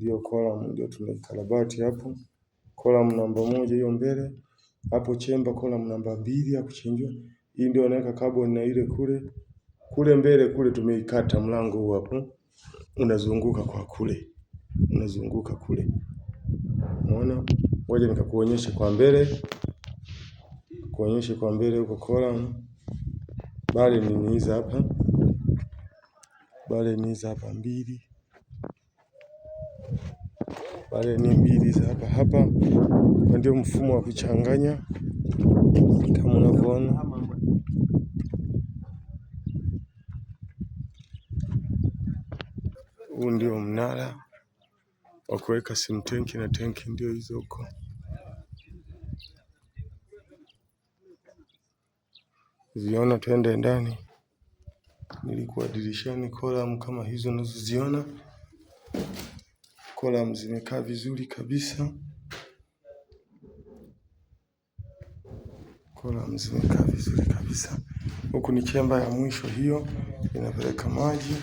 Ndio column ndio tunaikarabati hapo. Column namba moja hiyo mbele. Hapo chemba column namba mbili ya kuchinjwa. Hii ndio anaweka carbon na ile kule. Kule mbele kule tumeikata mlango huu hapo. Unazunguka kwa kule. Unazunguka kule. Unaona? Ngoja nikakuonyeshe kwa mbele. Kuonyeshe kwa mbele huko column. bale ni hizi hapa. bale ni hizi hapa mbili pale ni mbili za hapa hapa, kwa ndio mfumo wa kuchanganya kama unavyoona. Huu ndio mnara wa kuweka sim tenki na tenki ndio hizo huko. Ziona twende ndani, nilikuwa dirishani, kolam kama hizo unazoziona column zimekaa vizuri kabisa, column zimekaa vizuri kabisa. Huku ni chemba ya mwisho hiyo, inapeleka maji.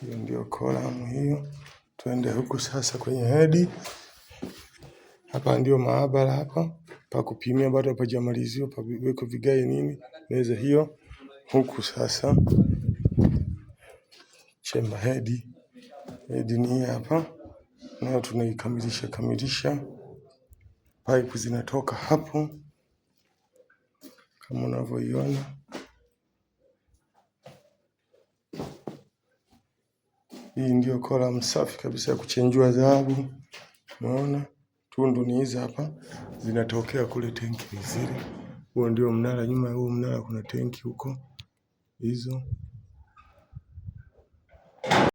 Hiyo ndio column hiyo. Tuende huku sasa kwenye hedi. Hapa ndio maabara hapa pa kupimia, bado hapajamaliziwa, paweko vigae nini, meza hiyo huku sasa chemba hedi. Hedi ni hii hapa, nayo tunaikamilisha kamilisha. Pipe zinatoka hapo kama unavyoiona. Hii ndio kola msafi kabisa ya kuchenjua dhahabu. Unaona tundu ni hizi hapa zinatokea kule tenki zile. Huo ndio mnara, nyuma ya huo mnara kuna tenki huko hizo.